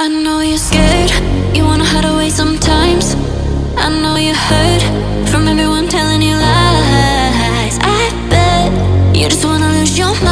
I know you're scared, you wanna hide away sometimes I know you hurt from everyone telling you lies I bet you just wanna lose your mind